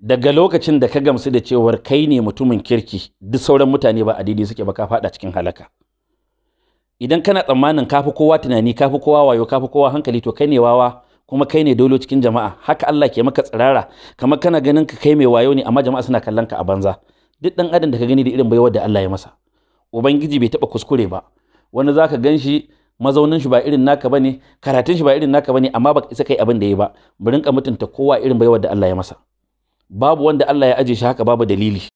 daga lokacin da ka gamsu da cewar kai ne mutumin kirki duk sauran mutane ba adidi suke ba ka fada cikin halaka idan kana tsammanin kafi kowa tunani kafi kowa wayo kafi kowa hankali to kai ne wawa kuma kai ne dolo cikin jama'a haka Allah ke maka tsirara kamar kana ganin ka kai mai wayo ne amma jama'a suna kallon ka a banza duk dan adam da ka gani da irin baiwar da Allah ya masa ubangiji bai taba kuskure ba wani zaka ganshi mazaunin shi ba irin naka bane karatun shi ba irin naka bane amma baka isa kai abin da yayi ba mu ka mutunta kowa irin baiwar da Allah ya masa babu wanda Allah ya aje shi haka babu dalili